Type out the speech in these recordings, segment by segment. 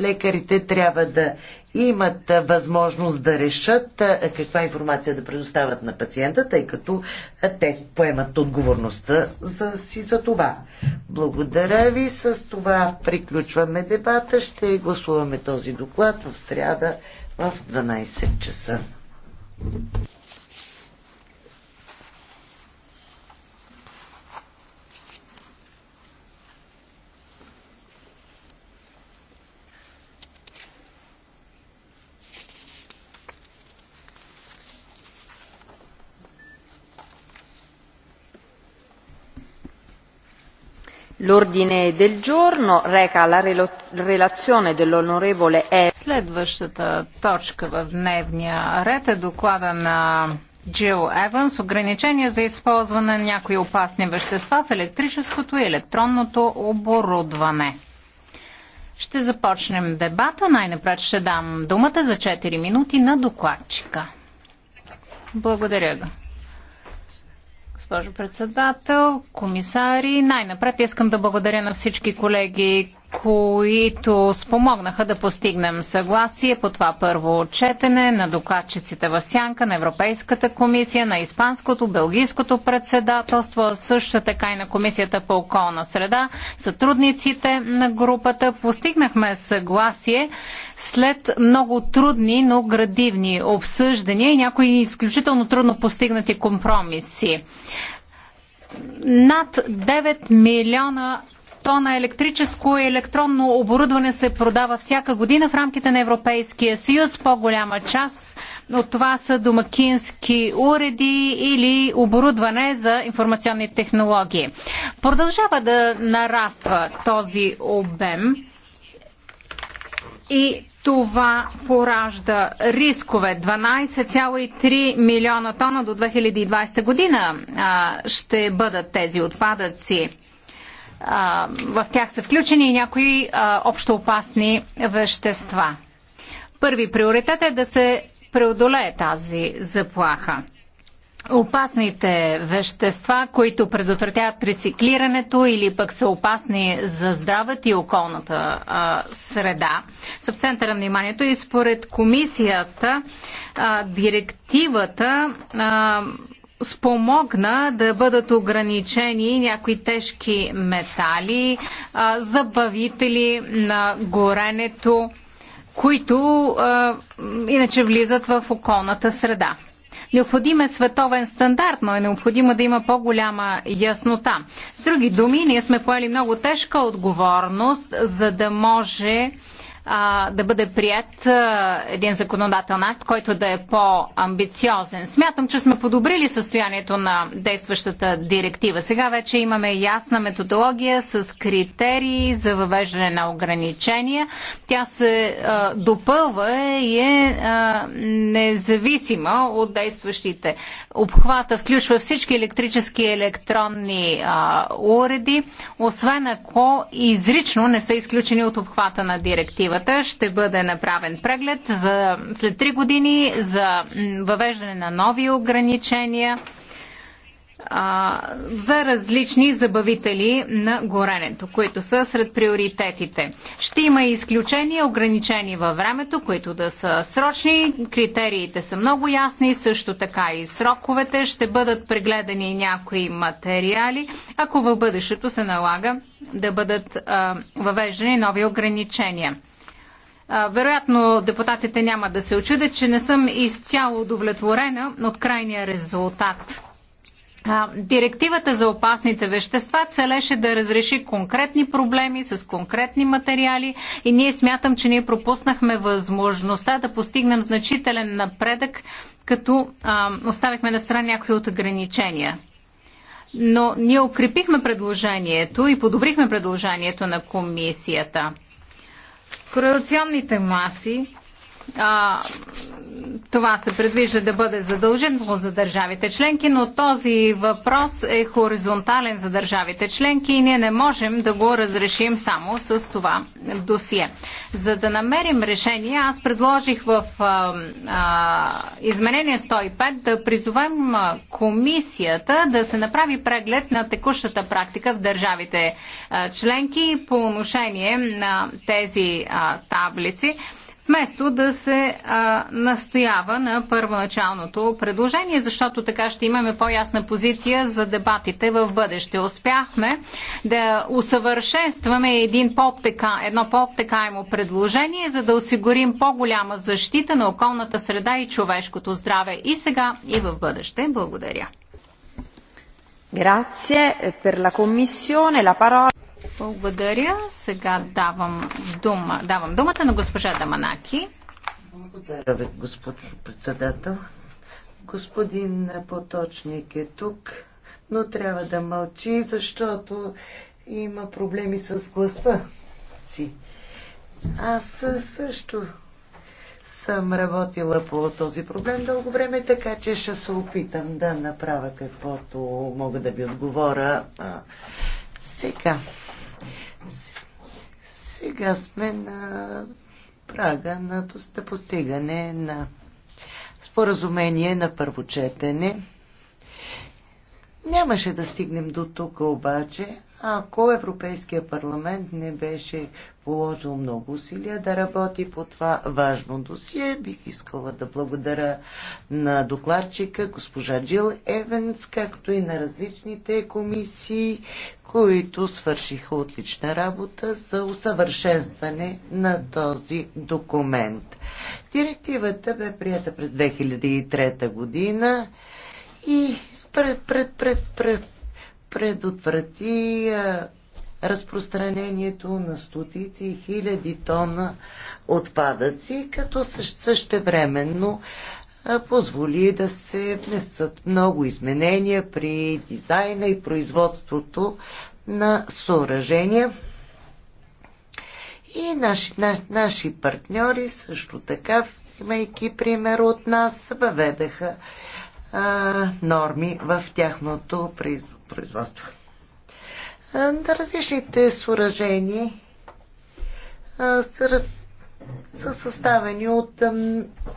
лекарите трябва да имат възможност да решат каква информация да предоставят на пациента, тъй като те поемат отговорността за, си за това. Благодаря ви. С това приключваме дебата. Ще гласуваме този доклад в сряда в 12 часа. L'ordine del giorno reca la relazione dell'onorevole E. Следващата точка в дневния ред е доклада на Джил Еванс ограничения за използване на някои опасни вещества в електрическото и електронното оборудване. Ще започнем дебата. Най-напред ще дам думата за 4 минути на докладчика. Благодаря. Го. Госпожо председател, комисари, най-напред искам да благодаря на всички колеги, които спомогнаха да постигнем съгласие по това първо четене на докладчиците в Сянка, на Европейската комисия, на Испанското, Белгийското председателство, също така и на Комисията по околна среда, сътрудниците на групата. Постигнахме съгласие след много трудни, но градивни обсъждания и някои изключително трудно постигнати компромиси над 9 милиона тона електрическо и електронно оборудване се продава всяка година в рамките на Европейския съюз. По-голяма част от това са домакински уреди или оборудване за информационни технологии. Продължава да нараства този обем и това поражда рискове. 12,3 милиона тона до 2020 година а, ще бъдат тези отпадъци а, в тях са включени и някои а, общо опасни вещества. Първи приоритет е да се преодолее тази заплаха. Опасните вещества, които предотвратяват рециклирането или пък са опасни за здравето и околната а, среда, са в центъра на вниманието и според комисията а, директивата а, спомогна да бъдат ограничени някои тежки метали, забавители на горенето, които иначе влизат в околната среда. Необходим е световен стандарт, но е необходимо да има по-голяма яснота. С други думи, ние сме поели много тежка отговорност, за да може а, да бъде прият а, един законодател акт, който да е по-амбициозен. Смятам, че сме подобрили състоянието на действащата директива. Сега вече имаме ясна методология с критерии за въвеждане на ограничения. Тя се а, допълва и е а, независима от действащите. Обхвата включва всички електрически и електронни а, уреди, освен ако изрично не са изключени от обхвата на директива директивата ще бъде направен преглед за, след 3 години за въвеждане на нови ограничения за различни забавители на горенето, които са сред приоритетите. Ще има и изключения, ограничени във времето, които да са срочни. Критериите са много ясни, също така и сроковете. Ще бъдат прегледани някои материали, ако в бъдещето се налага да бъдат а, въвеждани нови ограничения. Вероятно депутатите няма да се очудят, че не съм изцяло удовлетворена от крайния резултат. Директивата за опасните вещества целеше да разреши конкретни проблеми с конкретни материали и ние смятам, че ние пропуснахме възможността да постигнем значителен напредък, като а, оставихме на страна някои от ограничения. Но ние укрепихме предложението и подобрихме предложението на комисията. Корелационните маси а, това се предвижда да бъде задължително за държавите членки, но този въпрос е хоризонтален за държавите членки и ние не можем да го разрешим само с това досие. За да намерим решение, аз предложих в а, а, изменение 105 да призовем комисията да се направи преглед на текущата практика в държавите а, членки по отношение на тези а, таблици вместо да се а, настоява на първоначалното предложение, защото така ще имаме по-ясна позиция за дебатите в бъдеще. Успяхме да усъвършенстваме един по едно по-обтекаемо предложение, за да осигурим по-голяма защита на околната среда и човешкото здраве и сега, и в бъдеще. Благодаря. Grazie per la Commissione. La parola... Благодаря. Сега давам, дума, давам думата на госпожа Даманаки. Благодаря ви, госпожо председател. Господин Поточник е тук, но трябва да мълчи, защото има проблеми с гласа си. Аз също съм работила по този проблем дълго време, така че ще се опитам да направя каквото мога да ви отговоря. А, сега. Сега сме на прага на постигане на споразумение на първо четене. Нямаше да стигнем до тук обаче, ако Европейския парламент не беше положил много усилия да работи по това важно досие. Бих искала да благодаря на докладчика госпожа Джил Евенс, както и на различните комисии, които свършиха отлична работа за усъвършенстване на този документ. Директивата бе прията през 2003 година и пред, пред, пред, пред, предотврати разпространението на стотици и хиляди тона отпадъци, като същевременно позволи да се внесат много изменения при дизайна и производството на съоръжения. И наши, на, наши партньори също така, имайки пример от нас, въведаха а, норми в тяхното производство. Е, на Различните съоръжения са съставени от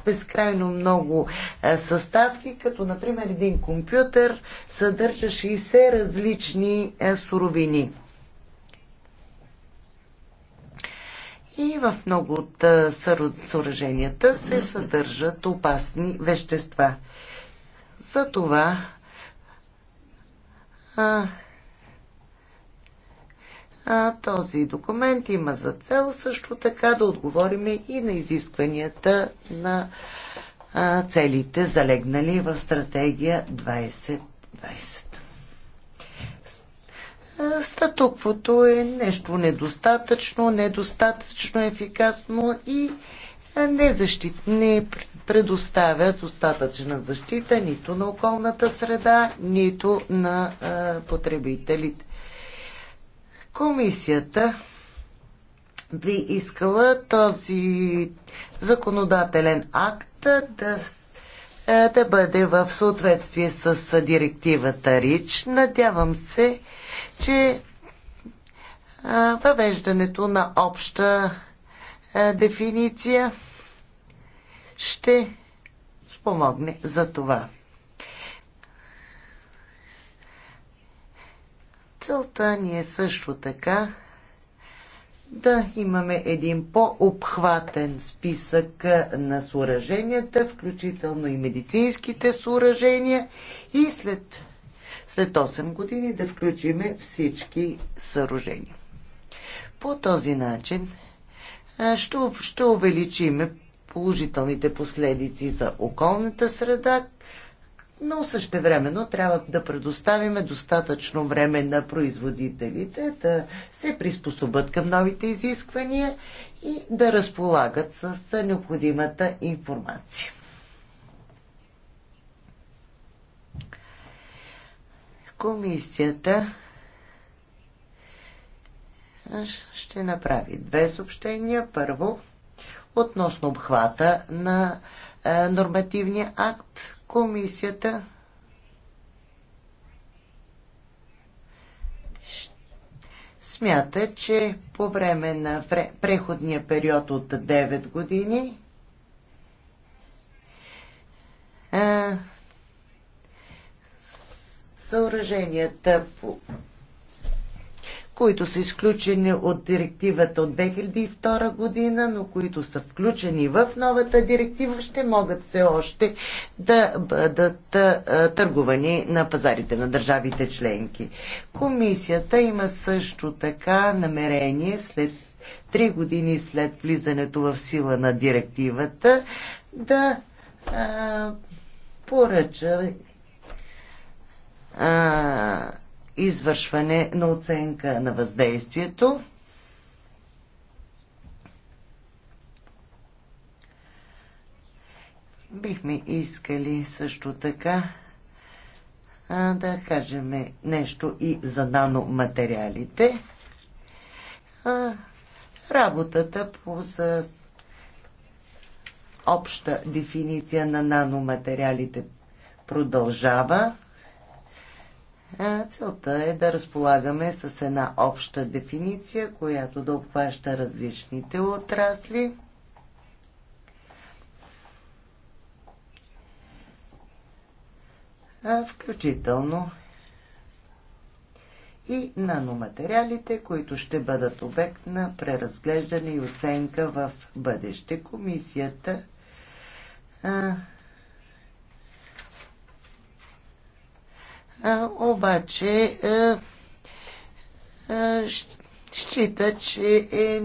безкрайно много е, съставки, като например един компютър съдържа 60 различни е, суровини. И в много от съоръженията се съдържат опасни вещества. Затова а, а, този документ има за цел също така да отговорим и на изискванията на а, целите, залегнали в стратегия 2020. Статуквото е нещо недостатъчно, недостатъчно ефикасно и не, защит, не предоставя достатъчна защита нито на околната среда, нито на а, потребителите. Комисията би искала този законодателен акт да, е, да бъде в съответствие с е, директивата РИЧ. Надявам се, че е, въвеждането на обща дефиниция ще спомогне за това. Целта ни е също така да имаме един по-обхватен списък на съоръженията, включително и медицинските съоръжения и след, след 8 години да включиме всички съоръжения. По този начин ще, ще увеличиме положителните последици за околната среда, но същевременно трябва да предоставиме достатъчно време на производителите да се приспособят към новите изисквания и да разполагат с необходимата информация. Комисията ще направи две съобщения. Първо, относно обхвата на е, нормативния акт, комисията смята, че по време на преходния период от 9 години съоръженията по които са изключени от директивата от 2002 година, но които са включени в новата директива, ще могат все още да бъдат търгувани на пазарите на държавите членки. Комисията има също така намерение след три години след влизането в сила на директивата да а, поръча а, извършване на оценка на въздействието. Бихме искали също така а, да кажем нещо и за наноматериалите. А, работата по за обща дефиниция на наноматериалите продължава. Целта е да разполагаме с една обща дефиниция, която да обхваща различните отрасли. Включително и наноматериалите, които ще бъдат обект на преразглеждане и оценка в бъдеще. Комисията обаче счита, че е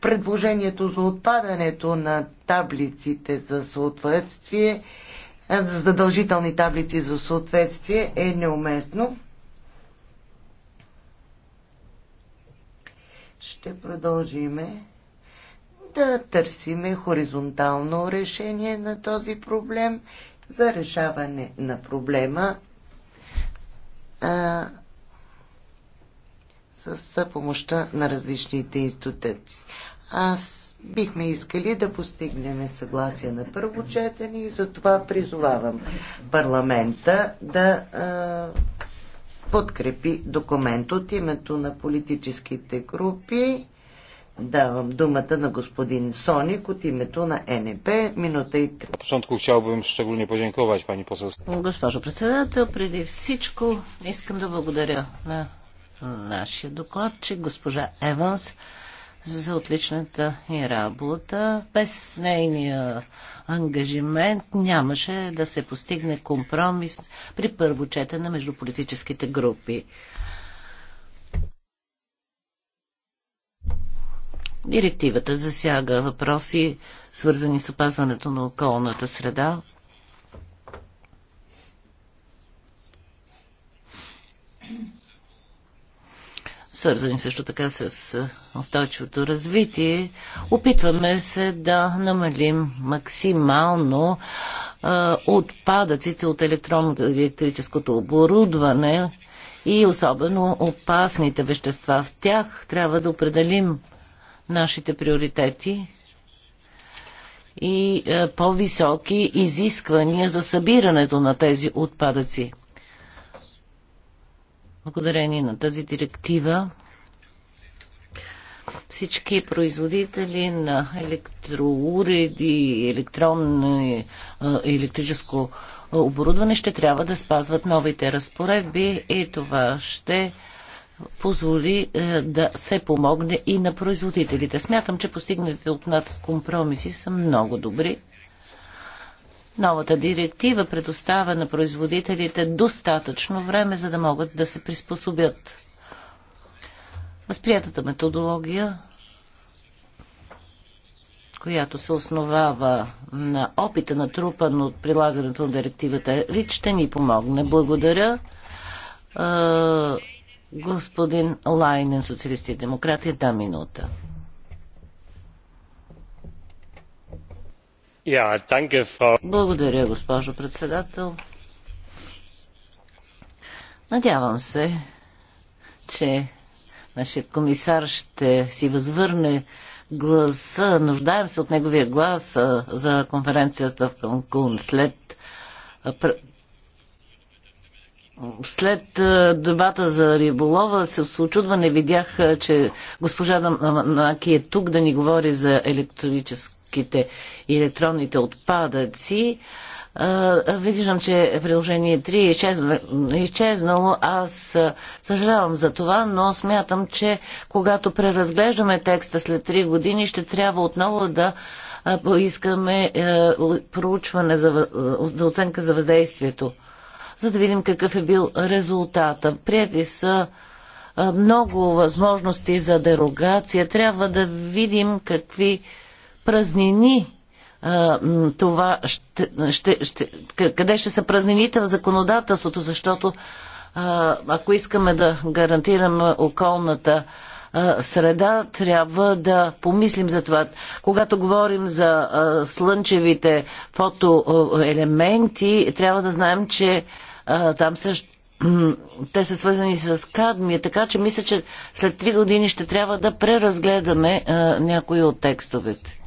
предложението за отпадането на таблиците за съответствие, за задължителни таблици за съответствие е неуместно. Ще продължиме да търсиме хоризонтално решение на този проблем за решаване на проблема а, с помощта на различните институции. Аз бихме искали да постигнем съгласие на първо четене и затова призовавам парламента да а, подкрепи документ от името на политическите групи. Давам думата на господин Соник от името на НП. Минута и три. Початку chciałbym szczególnie podziękować pani poseł. Госпожо председател, преди всичко искам да благодаря на нашия докладчик, госпожа Еванс, за отличната ни работа. Без нейния ангажимент нямаше да се постигне компромис при първо четене между политическите групи. Директивата засяга въпроси, свързани с опазването на околната среда. Свързани също така с устойчивото развитие, опитваме се да намалим максимално а, отпадъците от електронното и електрическото оборудване и особено опасните вещества в тях. Трябва да определим нашите приоритети и е, по-високи изисквания за събирането на тези отпадъци. Благодарение на тази директива всички производители на електроуреди, електронно е, електрическо оборудване ще трябва да спазват новите разпоредби и това ще позволи е, да се помогне и на производителите. Смятам, че постигнатите от нас компромиси са много добри. Новата директива предоставя на производителите достатъчно време, за да могат да се приспособят. Възприятата методология, която се основава на опита на трупа, но от прилагането на директивата РИЧ, ще ни помогне. Благодаря. Е, Господин Лайнен, социалисти и демократи, една минута. Frau... Благодаря, госпожо председател. Надявам се, че нашият комисар ще си възвърне гласа. Нуждаем се от неговия глас за конференцията в Канкун след след дебата за риболова се с очудване видях, че госпожа Наки е тук да ни говори за електрическите и електронните отпадъци. Виждам, че приложение 3 е изчезнало. Аз съжалявам за това, но смятам, че когато преразглеждаме текста след 3 години, ще трябва отново да поискаме е, проучване за, за оценка за въздействието за да видим какъв е бил резултата. Прияти са много възможности за дерогация. Трябва да видим какви празнини това ще, ще, ще, къде ще са празнините в законодателството, защото ако искаме да гарантираме околната среда, трябва да помислим за това. Когато говорим за слънчевите фотоелементи, трябва да знаем, че там също те са свързани с кадмия, така че мисля, че след три години ще трябва да преразгледаме а, някои от текстовете.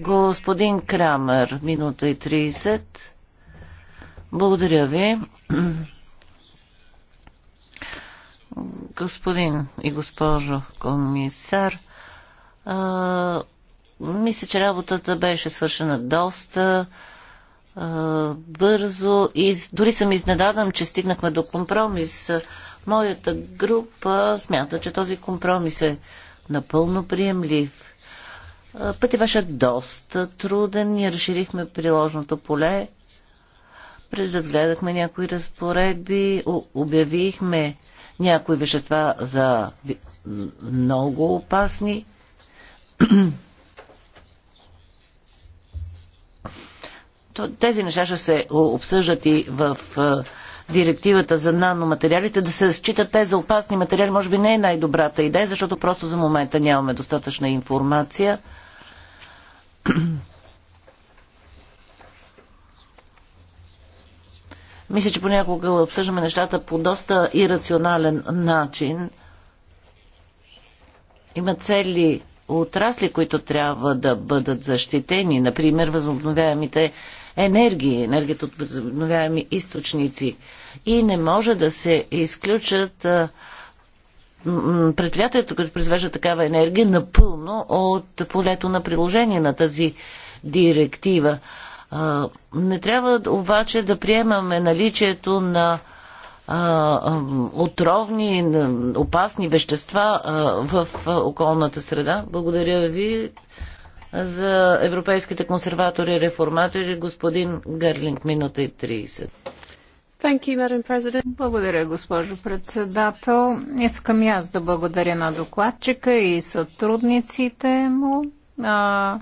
Господин Крамер, минута и 30. Благодаря ви. Господин и госпожо комисар, а, мисля, че работата беше свършена доста а, бързо и дори съм изненадан, че стигнахме до компромис. Моята група смята, че този компромис е напълно приемлив. Пъти беше доста труден. Ние разширихме приложното поле преразгледахме някои разпоредби, обявихме някои вещества за много опасни. Тези неща ще се обсъждат и в директивата за наноматериалите. Да се считат те за опасни материали може би не е най-добрата идея, защото просто за момента нямаме достатъчна информация. Мисля, че понякога обсъждаме нещата по доста ирационален начин. Има цели отрасли, които трябва да бъдат защитени. Например, възобновяемите енергии, енергията от възобновяеми източници. И не може да се изключат предприятието, които произвежда такава енергия, напълно от полето на приложение на тази директива. Не трябва обаче да приемаме наличието на отровни, опасни вещества в околната среда. Благодаря ви за европейските консерватори и реформатори, господин Гърлинг, минута и 30. You, благодаря, госпожо председател. Искам и аз да благодаря на докладчика и сътрудниците му. А,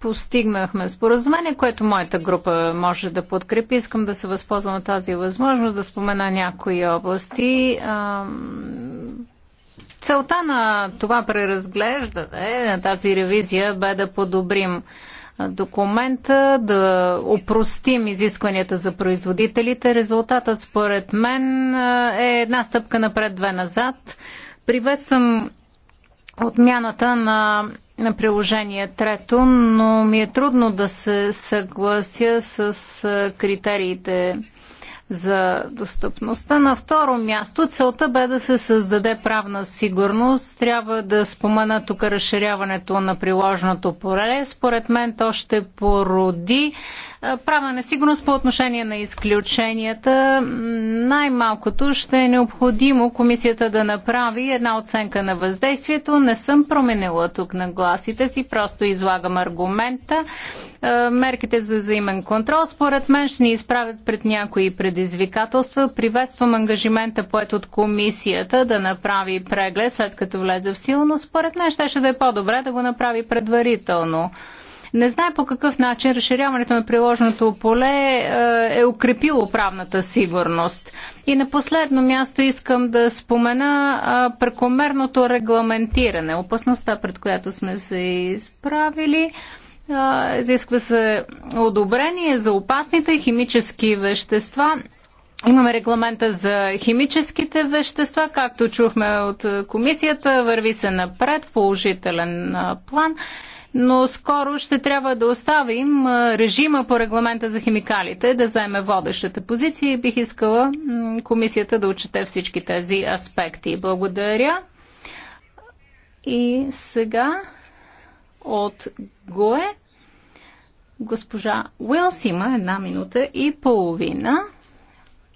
постигнахме споразумение, което моята група може да подкрепи. Искам да се възползвам от тази възможност да спомена някои области. Целта на това преразглеждане, на тази ревизия, бе да подобрим документа, да опростим изискванията за производителите. Резултатът, според мен, е една стъпка напред, две назад. Приветствам отмяната на, на приложение трето, но ми е трудно да се съглася с критериите за достъпността. На второ място целта бе да се създаде правна сигурност. Трябва да спомена тук разширяването на приложното поле. Според мен то ще породи е, правна несигурност по отношение на изключенията. Най-малкото ще е необходимо комисията да направи една оценка на въздействието. Не съм променила тук на гласите си, просто излагам аргумента. Е, мерките за взаимен контрол според мен ще ни изправят пред някои предизвикателства. Приветствам ангажимента поет от комисията да направи преглед след като влезе в силно, според мен ще, ще да е по-добре да го направи предварително. Не знае по какъв начин разширяването на приложеното поле е, е укрепило правната сигурност. И на последно място искам да спомена прекомерното регламентиране, опасността пред която сме се изправили. Изисква се одобрение за опасните химически вещества Имаме регламента за химическите вещества, както чухме от комисията, върви се напред в положителен план но скоро ще трябва да оставим режима по регламента за химикалите да заеме водещата позиция и бих искала комисията да отчете всички тези аспекти. Благодаря. И сега от ГОЕ госпожа Уилс има една минута и половина.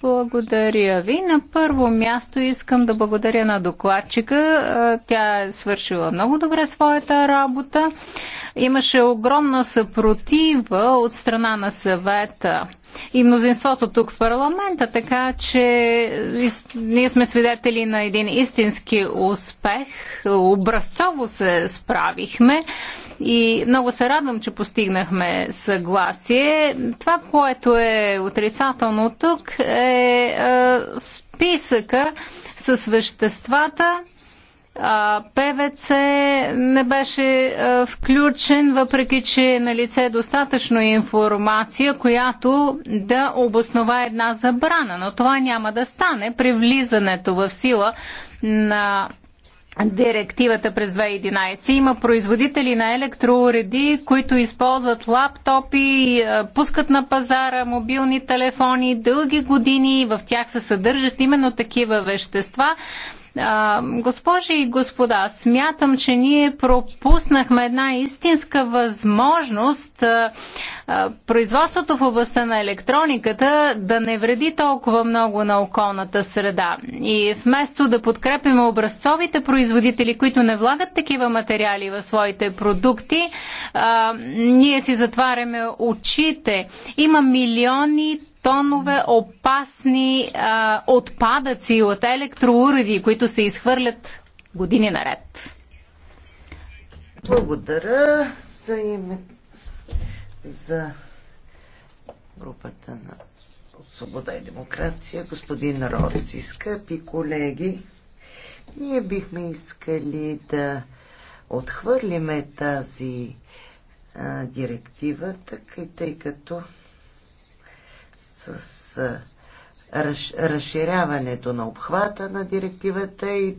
Благодаря ви. На първо място искам да благодаря на докладчика. Тя е свършила много добре своята работа. Имаше огромна съпротива от страна на съвета и мнозинството тук в парламента, така че ние сме свидетели на един истински успех. Образцово се справихме. И много се радвам, че постигнахме съгласие. Това, което е отрицателно тук, е, е списъка с веществата, ПВЦ не беше включен, въпреки че е на лице достатъчно информация, която да обоснова една забрана. Но това няма да стане при влизането в сила на директивата през 2011. Има производители на електроуреди, които използват лаптопи, е, пускат на пазара мобилни телефони дълги години. В тях се съдържат именно такива вещества госпожи и господа, смятам, че ние пропуснахме една истинска възможност производството в областта на електрониката да не вреди толкова много на околната среда. И вместо да подкрепим образцовите производители, които не влагат такива материали в своите продукти, ние си затваряме очите. Има милиони тонове опасни а, отпадъци от електроуреди, които се изхвърлят години наред. Благодаря за име за групата на Свобода и демокрация, господин Роси, скъпи колеги, ние бихме искали да отхвърлиме тази а, директива, така и тъй като с разширяването на обхвата на директивата и,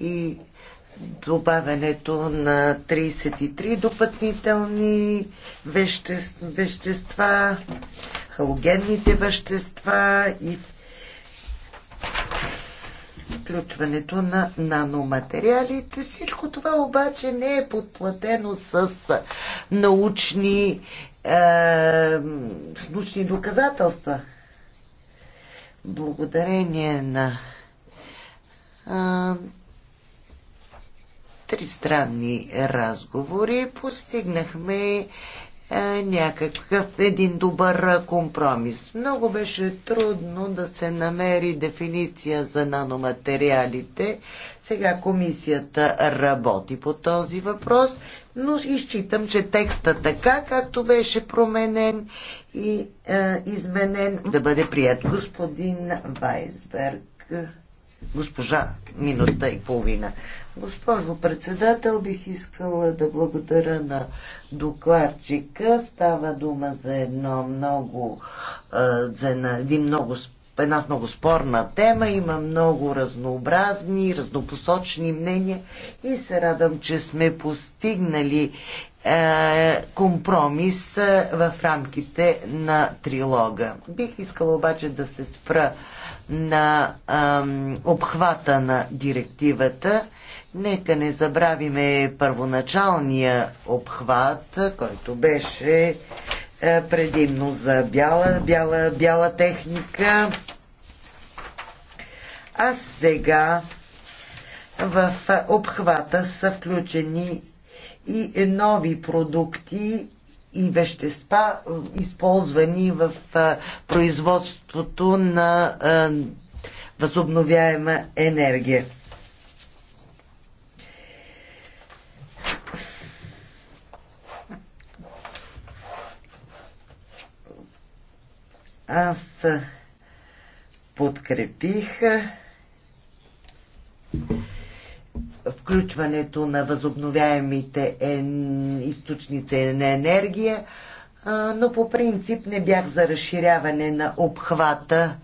и добавянето на 33 допътнителни веще, вещества, халогенните вещества и включването на наноматериалите. Всичко това обаче не е подплатено с научни е, с научни доказателства. Благодарение на тристранни разговори постигнахме е, някакъв един добър компромис. Много беше трудно да се намери дефиниция за наноматериалите. Сега комисията работи по този въпрос но изчитам, че текста така, както беше променен и е, изменен, да бъде прият. Господин Вайсберг, госпожа, минута и половина. Госпожо председател, бих искала да благодаря на докладчика. Става дума за едно много, е, за един много една много спорна тема, има много разнообразни, разнопосочни мнения и се радвам, че сме постигнали е, компромис е, в рамките на трилога. Бих искала обаче да се спра на е, обхвата на директивата. Нека не забравиме първоначалния обхват, който беше е, предимно за бяла, бяла, бяла техника. А сега в обхвата са включени и нови продукти и вещества, използвани в е, производството на е, възобновяема енергия. Аз подкрепих включването на възобновяемите източници на енергия, но по принцип не бях за разширяване на обхвата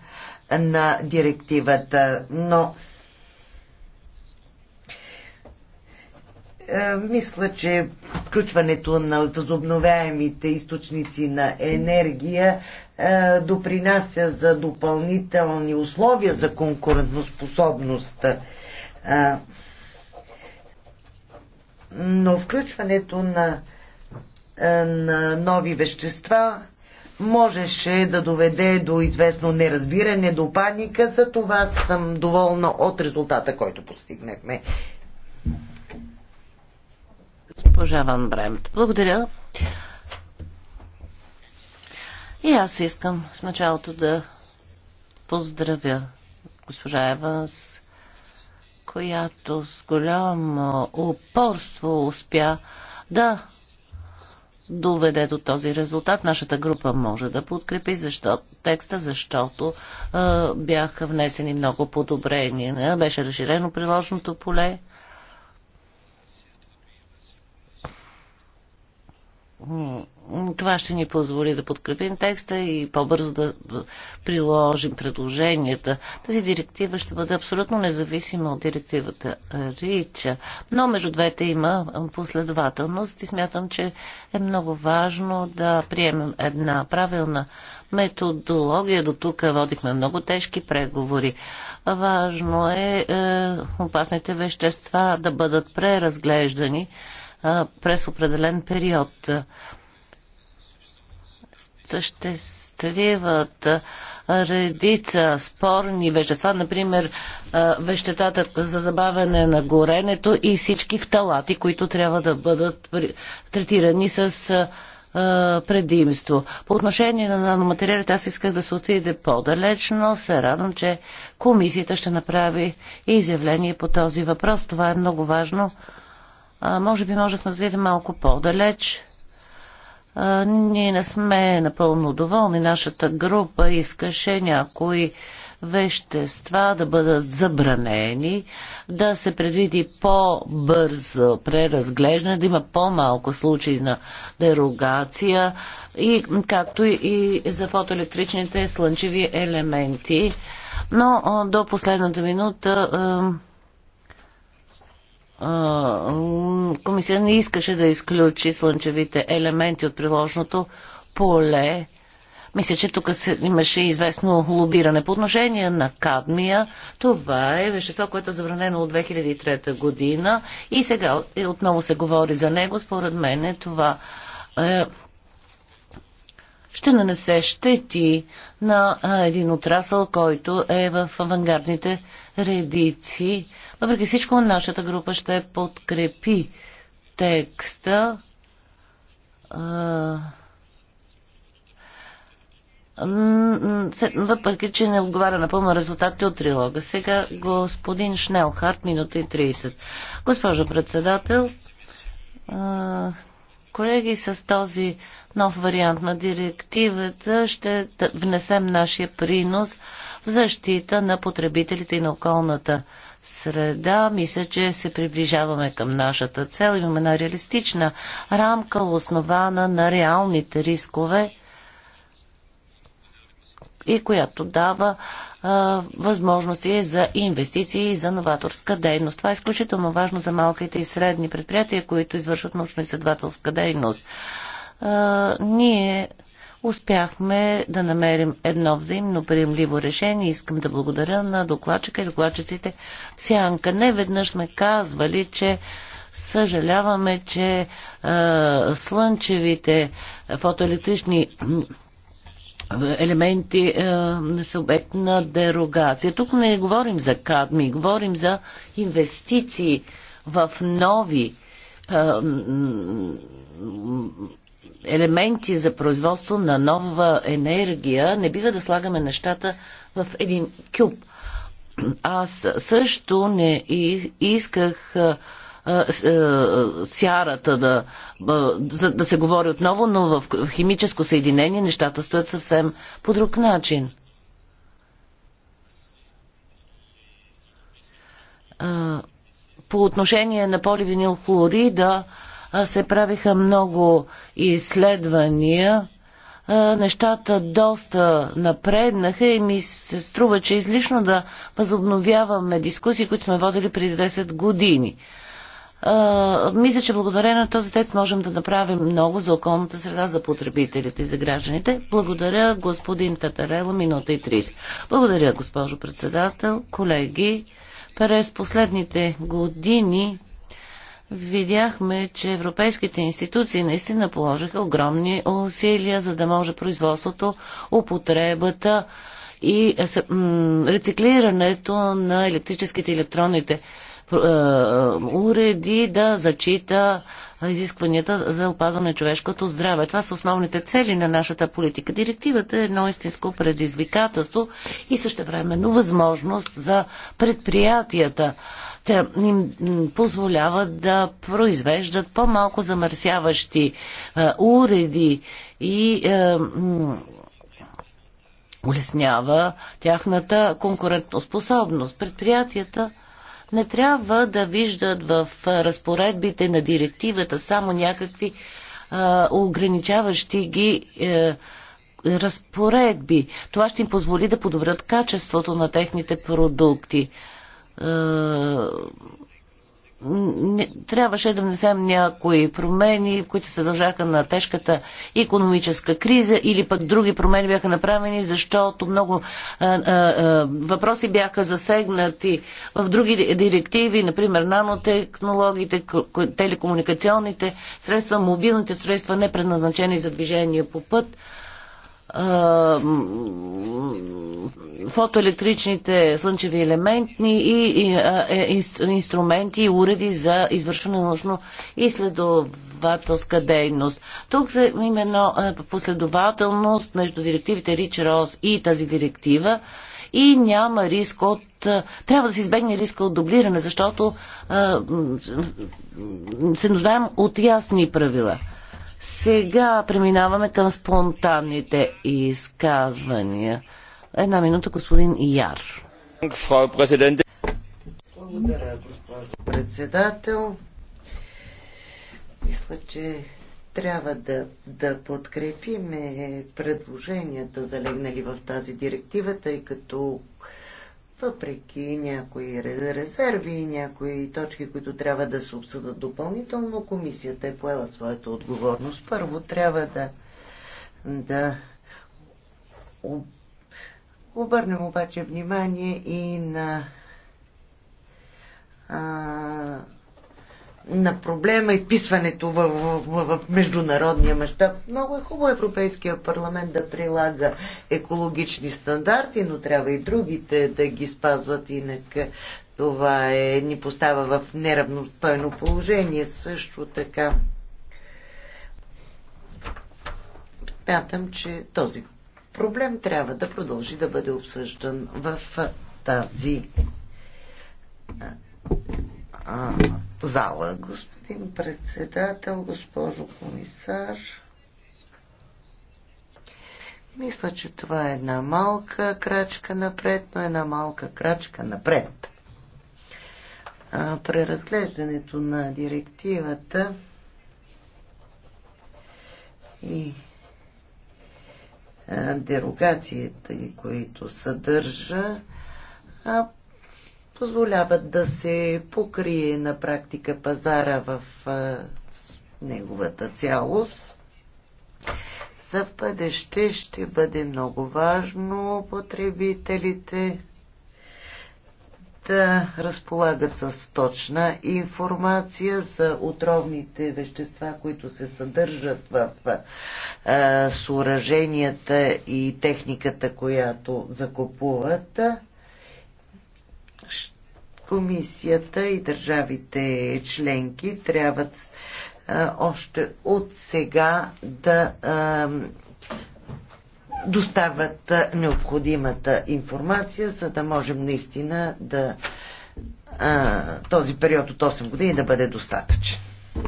на директивата. Но е, мисля, че включването на възобновяемите източници на енергия е, допринася за допълнителни условия за конкурентоспособност. Е, но включването на, е, на нови вещества можеше да доведе до известно неразбиране, до паника. За това съм доволна от резултата, който постигнахме. Госпожа Ван Бремт, благодаря. И аз искам в началото да поздравя госпожа Еванс, която с голямо упорство успя да доведе до този резултат. Нашата група може да подкрепи защо, текста, защото е, бяха внесени много подобрения. Беше разширено приложното поле това ще ни позволи да подкрепим текста и по-бързо да приложим предложенията. Тази директива ще бъде абсолютно независима от директивата РИЧА, но между двете има последователност и смятам, че е много важно да приемем една правилна методология. До тук водихме много тежки преговори. Важно е, е опасните вещества да бъдат преразглеждани през определен период. Съществуват редица спорни вещества, например вещетата за забавяне на горенето и всички вталати, които трябва да бъдат третирани с предимство. По отношение на наноматериалите, аз исках да се отиде по-далеч, но се радвам, че комисията ще направи изявление по този въпрос. Това е много важно а, може би можехме да отидем малко по-далеч. ние не сме напълно доволни. Нашата група искаше някои вещества да бъдат забранени, да се предвиди по-бързо преразглеждане, да има по-малко случаи на дерогация и както и за фотоелектричните слънчеви елементи. Но до последната минута комисия не искаше да изключи слънчевите елементи от приложното поле. Мисля, че тук имаше известно лобиране. По отношение на кадмия, това е вещество, което е забранено от 2003 година и сега е, отново се говори за него. Според мен е това е, ще нанесе щети на един отрасъл, който е в авангардните редици въпреки всичко, нашата група ще подкрепи текста. Въпреки, че не отговаря напълно резултатите от трилога. Сега господин Шнелхарт, минута и 30. Госпожо председател, Колеги, с този нов вариант на директивата ще внесем нашия принос в защита на потребителите и на околната среда. Мисля, че се приближаваме към нашата цел. Имаме една реалистична рамка, основана на реалните рискове и която дава възможности за инвестиции и за новаторска дейност. Това е изключително важно за малките и средни предприятия, които извършват научно-изследователска дейност. А, ние успяхме да намерим едно взаимно приемливо решение. Искам да благодаря на докладчика и докладчиците Сянка. Не веднъж сме казвали, че съжаляваме, че слънчевите фотоелектрични елементи на е, на дерогация. Тук не говорим за кадми, говорим за инвестиции в нови е, елементи за производство на нова енергия. Не бива да слагаме нещата в един кюб. Аз също не исках е, сярата да, за да се говори отново, но в химическо съединение нещата стоят съвсем по друг начин. По отношение на поливинил хлорида се правиха много изследвания нещата доста напреднаха и ми се струва, че излишно да възобновяваме дискусии, които сме водили преди 10 години мисля, че благодарение на този текст можем да направим много за околната среда, за потребителите и за гражданите. Благодаря господин Татарела, минута и 30. Благодаря, госпожо председател, колеги. През последните години видяхме, че европейските институции наистина положиха огромни усилия, за да може производството, употребата и рециклирането на електрическите и електронните е, е, уреди да зачита изискванията за опазване на човешкото здраве. Това са основните цели на нашата политика. Директивата е едно истинско предизвикателство и същевременно възможност за предприятията. Те им позволяват да произвеждат по-малко замърсяващи е, уреди и улеснява тяхната конкурентоспособност. Предприятията не трябва да виждат в разпоредбите на директивата само някакви а, ограничаващи ги а, е, разпоредби. Това ще им позволи да подобрят качеството на техните продукти. А, е, трябваше да внесем някои промени, които се дължаха на тежката економическа криза или пък други промени бяха направени, защото много а, а, а, въпроси бяха засегнати в други директиви, например нанотехнологиите, телекомуникационните средства, мобилните средства, не предназначени за движение по път фотоелектричните слънчеви елементни и, е, инструменти и уреди за извършване на научно изследователска дейност. Тук се има едно последователност между директивите Рич Рос и тази директива и няма риск от. Трябва да се избегне риска от дублиране, защото се нуждаем от ясни правила. Сега преминаваме към спонтанните изказвания. Една минута, господин Яр. Благодаря, госпожо председател. Мисля, че трябва да, да подкрепим предложенията, залегнали в тази директива, тъй като въпреки някои резерви и някои точки, които трябва да се обсъдат допълнително, комисията е поела своята отговорност. Първо трябва да, да обърнем обаче внимание и на а, на проблема и писването в, в, в, в международния мащаб. Много е хубаво Европейския парламент да прилага екологични стандарти, но трябва и другите да ги спазват, инак това е, ни поставя в неравностойно положение също така. Пятам, че този проблем трябва да продължи да бъде обсъждан в тази а, зала. Господин председател, госпожо комисар, мисля, че това е една малка крачка напред, но една малка крачка напред. Преразглеждането на директивата и дерогациите, които съдържа, позволяват да се покрие на практика пазара в неговата цялост. За бъдеще ще бъде много важно потребителите да разполагат с точна информация за отровните вещества, които се съдържат в а, съоръженията и техниката, която закупуват комисията и държавите членки трябва още от сега да доставят необходимата информация, за да можем наистина да този период от 8 години да бъде достатъчен.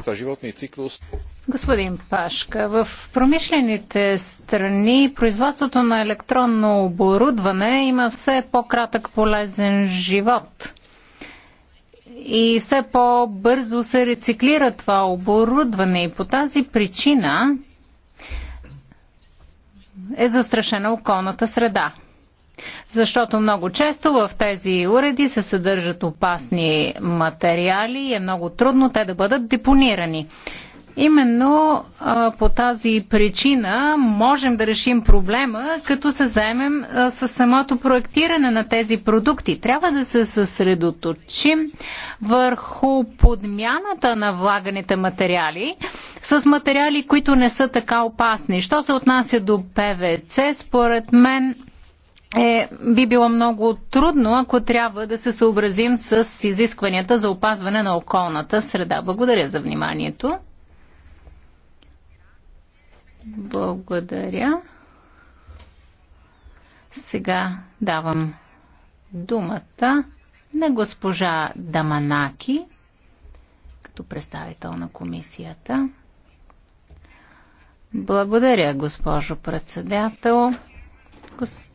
За животния циклус. Господин Пашка, в промишлените страни производството на електронно оборудване има все по-кратък полезен живот и все по-бързо се рециклира това оборудване и по тази причина е застрашена околната среда. Защото много често в тези уреди се съдържат опасни материали и е много трудно те да бъдат депонирани. Именно а, по тази причина можем да решим проблема, като се заемем а, с самото проектиране на тези продукти. Трябва да се съсредоточим върху подмяната на влаганите материали с материали, които не са така опасни. Що се отнася до ПВЦ, според мен е, би било много трудно, ако трябва да се съобразим с изискванията за опазване на околната среда. Благодаря за вниманието. Благодаря. Сега давам думата на госпожа Даманаки, като представител на комисията. Благодаря, госпожо председател. Гос...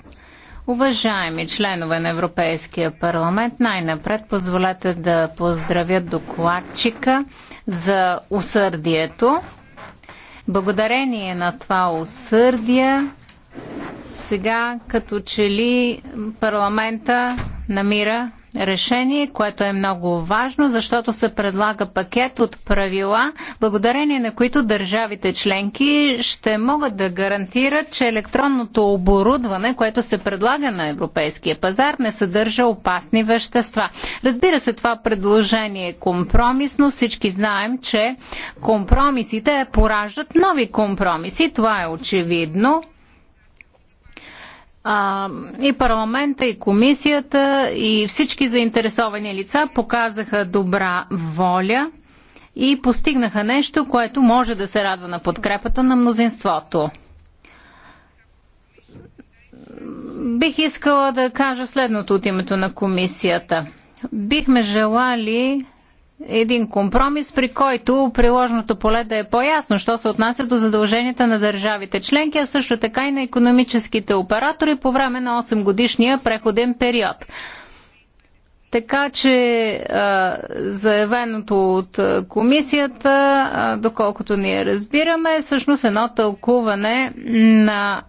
Уважаеми членове на Европейския парламент, най-напред позволете да поздравя докладчика за усърдието, Благодарение на това усърдие, сега като че ли парламента намира решение, което е много важно, защото се предлага пакет от правила, благодарение на които държавите членки ще могат да гарантират, че електронното оборудване, което се предлага на европейския пазар, не съдържа опасни вещества. Разбира се, това предложение е компромисно. Всички знаем, че компромисите пораждат нови компромиси. Това е очевидно а, и парламента, и комисията, и всички заинтересовани лица показаха добра воля и постигнаха нещо, което може да се радва на подкрепата на мнозинството. Бих искала да кажа следното от името на комисията. Бихме желали един компромис, при който приложното поле да е по-ясно, що се отнася до задълженията на държавите членки, а също така и на економическите оператори по време на 8 годишния преходен период. Така че заявеното от комисията, доколкото ние разбираме, е всъщност едно тълкуване на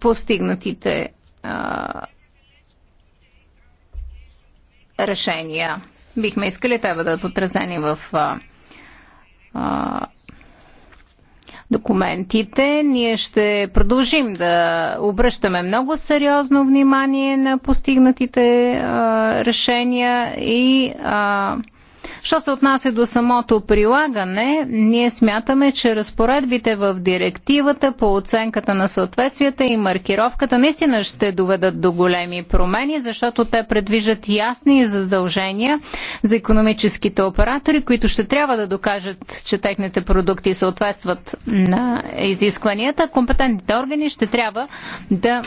постигнатите решения бихме искали те бъдат отразени в а, а, документите. Ние ще продължим да обръщаме много сериозно внимание на постигнатите а, решения и а, Що се отнася до самото прилагане, ние смятаме, че разпоредбите в директивата по оценката на съответствията и маркировката наистина ще доведат до големи промени, защото те предвиждат ясни задължения за економическите оператори, които ще трябва да докажат, че техните продукти съответстват на изискванията. Компетентните органи ще трябва да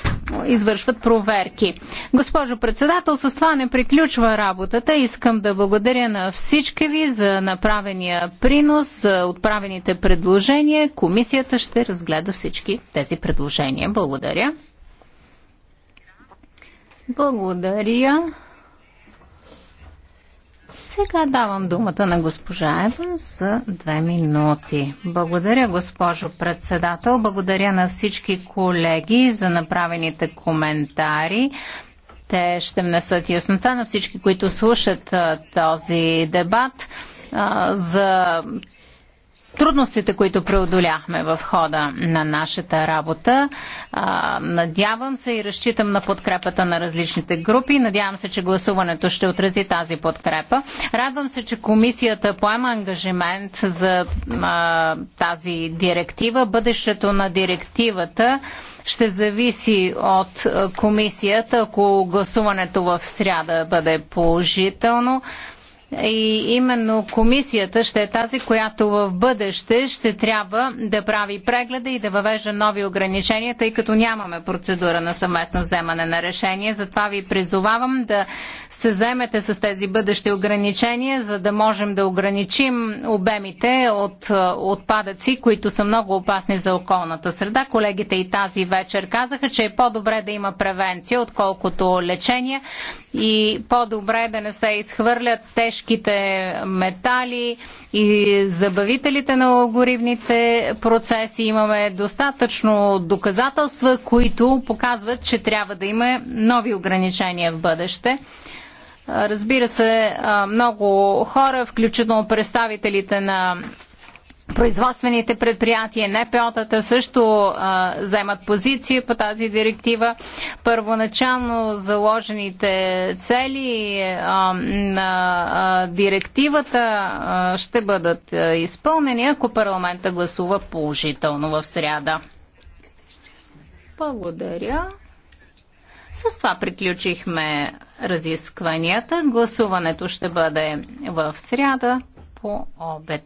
извършват проверки. Госпожо председател, с това не приключва работата. Искам да благодаря на всички ви за направения принос, за отправените предложения. Комисията ще разгледа всички тези предложения. Благодаря. Благодаря. Сега давам думата на госпожа Ева за две минути. Благодаря, госпожо председател. Благодаря на всички колеги за направените коментари. Те ще внесат яснота на всички, които слушат този дебат за трудностите, които преодоляхме в хода на нашата работа. надявам се и разчитам на подкрепата на различните групи. Надявам се, че гласуването ще отрази тази подкрепа. Радвам се, че комисията поема ангажимент за тази директива. Бъдещето на директивата ще зависи от комисията, ако гласуването в сряда бъде положително. И именно комисията ще е тази, която в бъдеще ще трябва да прави прегледа и да въвежда нови ограничения, тъй като нямаме процедура на съвместно вземане на решение. Затова ви призовавам да се вземете с тези бъдещи ограничения, за да можем да ограничим обемите от е, отпадъци, които са много опасни за околната среда. Колегите и тази вечер казаха, че е по-добре да има превенция, отколкото лечение и по-добре е да не се изхвърлят те тежките метали и забавителите на горивните процеси. Имаме достатъчно доказателства, които показват, че трябва да има нови ограничения в бъдеще. Разбира се, много хора, включително представителите на производствените предприятия, НПО-тата също а, вземат позиция по тази директива. Първоначално заложените цели а, на а, директивата а, ще бъдат а, изпълнени, ако парламента гласува положително в сряда. Благодаря. С това приключихме разискванията. Гласуването ще бъде в сряда по обед.